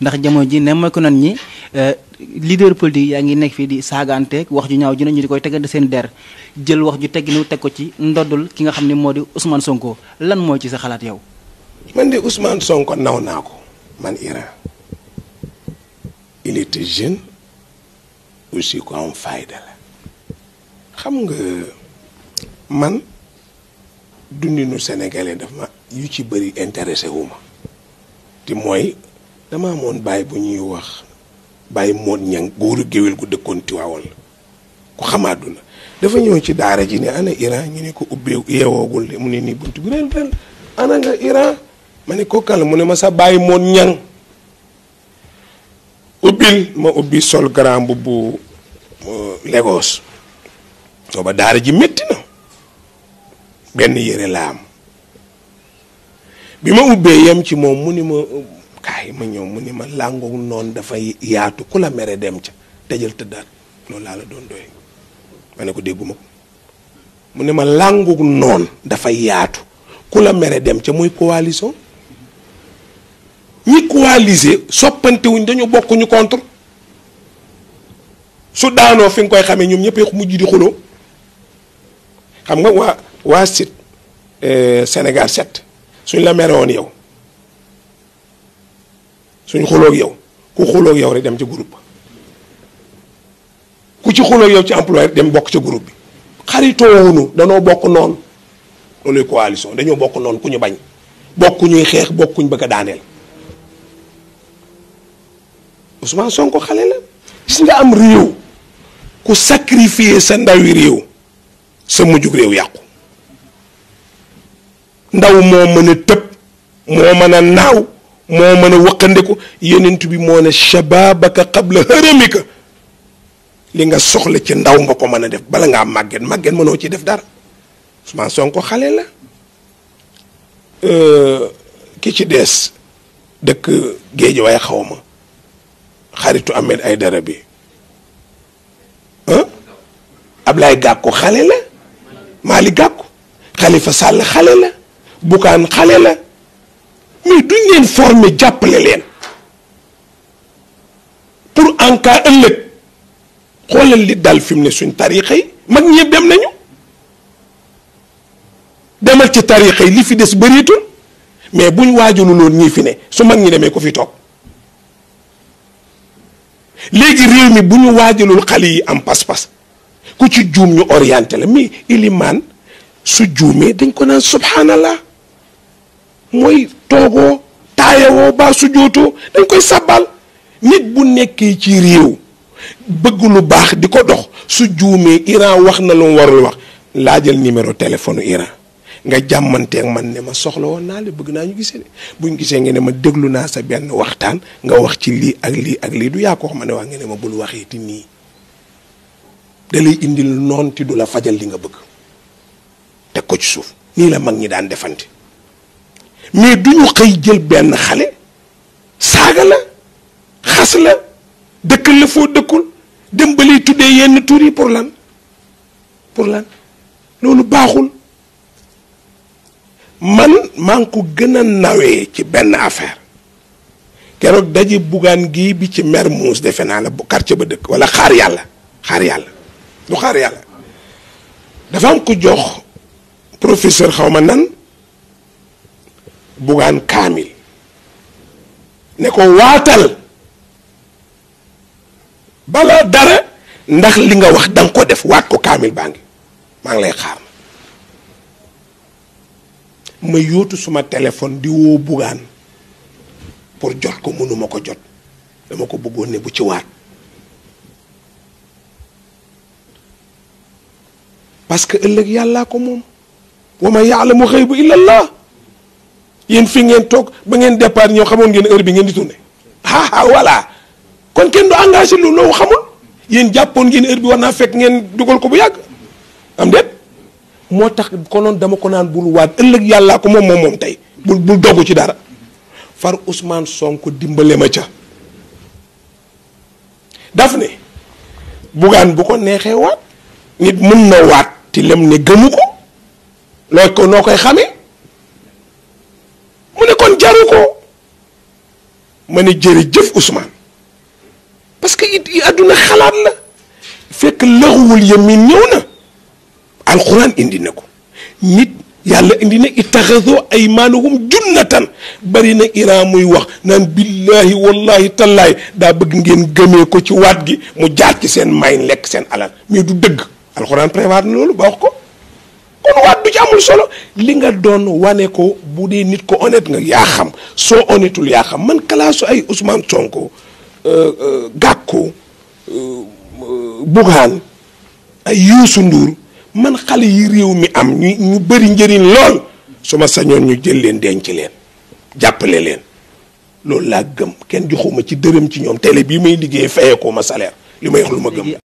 ndax jamono ji ne mooy ko nan ñi euh, leader politique yaa ngi nekk fii di saagaanteeg wax ju ñaaw ji ne ñu di koy tegal seen der jël wax ju tegginu teg ko ci ndoddul ki nga xam ne moo di Ousmane Sonko lan mooy ci sa xalaat yow. man de Ousmane Sonko naw naa ko man Iran il était jeune aussi ko am fayda la xam nga man dundinu sénégalais daf ma yu ci bëri intéressé wu ma te mooy. dama amoon bàyyi bu ñuy wax bàyyi moon ñang góoru géwél gu dëkkoon tiwaawal ku xamaaduna dafa ñëw ci daara ji ne ana Iran ñu ne ko ubbee yeewoogul de mu ne nii bunt bi ma ne ko kal mu ne ma sa bàyyi moon ñang ubbi sol grand mbubu Lagos booba daara ji métti na benn yére la am bi ma ubbee yem ci moom mu ni ma kaay ma ñëw mu ni ma làngu noonu dafay yaatu ku la mere dem ca tëjal tëddaat loolu laa la doon doy ma ne ko dégguma ko mu ne ma làngu noonu dafa yaatu ku la mere dem ca muy coalition ñi coalisé soppantewuñ dañu bokk contre su daanoo fi nga koy xamee ñoom ñëpp mujj di xuloo xam nga waa waa site euh, Sénégal 7 suñ la mere woon yow suñ xuloog yow ku xuloog yow rek dem ci groupe ku ci xuloog yow ci emploi rek dem bokk ci groupe bi xaritoowunu danoo bokk noonu looluy alison dañoo bokk noonu ku ñu bañ bokk ñuy xeex bokkuñ bëgg a daaneel Ousmane Sonko xale la gis nga am réew ku sacrifier sa ndawi réew sa mujjug réew yàqu ndaw moo mën a tëb moo mën a naaw moo mën a waqandiku yonent bi moo ne shababaka qabla haramika li nga soxla ci ndaw nga ko mën a def bala ngaa màgget màgget mënoo ci def dara Ousmane Sonko xale la euh, ki ci dees dëkk géej waaye xaw ma xaritu ay Aïdara bi Ablaye Gàkku xale la Mali Gàkku Khalifa sàll xale la Bougane xale la mais duñ leen former jàppale leen pour en cas ëllëg xoolal li dal fi mu ne suñ tarixa yi mag ñëpp dem nañu demal ci tarixa yi li fi des bëreetul mais buñ waajaluloon ñii fi ne su mag ñi demee ko fi toog léegi réew mi bu ñu waajalul xale yi am pas-pas ku ci juum ñu orienté la mais ilimaan su juumee dañ ko naan subhanallah mooy toogoo taayawoo baa sujootoo dañ koy sabbal nit bu nekkee ci réew bëgg lu baax di ko dox su juumee Iran wax na lu mu warul wax laajal numéro téléphone Iran nga jàmmanteeg man ne ma soxla woon naa la bëgg naa ñu gisee buñ gisee nga ne ma déglu naa sa benn waxtaan nga wax ci lii ak lii ak lii du yaa ko wax ma ma bul waxee ti nii dalay indi indil noon ti du la fajal li nga bëgg teg ko ci suuf nii la mag ñi daan defante. mais du ñu xëy jël benn xale saaga la xas la dëkkal la foo dëkkul dem ba lay tuddee yenn tur yi pour lan pour lan loolu baaxul man man ko gën a nawee ci benn affaire keroog daje bugaan gii bi ci Mermoz defe naa la bu quartier ba dëkk wala xaar yàlla xaar yàlla du xaar yàlla dafa am ko jox professeur xaw ma nan bugaan kaamil ne ko waatal bala dara ndax li nga wax danga ko def waat ko kaamil baa ngi maa ngi lay xaar ma yóotu suma téléphone di woo bugaan pour jot ko mënuma ko jot dama ko bëggoon ne bu ci waat parce que ëllëg yàllaa ko moom wa ma yaalamu xëy bu illallah yéen fi ngeen toog ba ngeen départ ñëw xamoon ngeen heure bi ngeen di tourné ah, ah voilà kon kenn du engagé lu loo xamul yéen jàppoon ngeen heure bi war naa fekk ngeen dugal ko bu yàgg am déet moo tax konoon dama ko naan bul waat ëllëg yàllaa ko moom moom moom tey bul bul dogg ci dara far Ousmane sonk dimbale ma ca daf ne bugaan bu ko neexee waat nit mën na waat ti lem ne gëmu ko looy ko noo koy xamee naw ko ma ne jërëjëf Ousmane parce que it àdduna xalaat la fekk laxuwul yamin ñëw na alxuraan indi na ko nit yàlla indi na itaxasoo aymaanahum junnatan bari na Iran muy wax naan billaahi wallaahi tallaay daa bëgg ngeen gëmee ko ci waat gi mu jaar ci seen may lekk seen alal mais du dëgg alxuraan prévoir na loolu ba wax ko kon waat bu ci amul solo li nga doon wane ko bu dee nit ko honnête nga yaa xam soo honnêtul yaa xam man kalaasu ay Ousmane Sonko euh, euh, Gàkku euh, Bougane ay Youssou Ndour man xale yi réew mi am ñu ñu bëri njëriñ lool su ma sañoon ñu jël leen denc leen jàppale leen loolu laa gëm kenn joxuma ci dërëm ci ñoom télé bi may liggéey fayee ma salaire li may wax lu ma gëm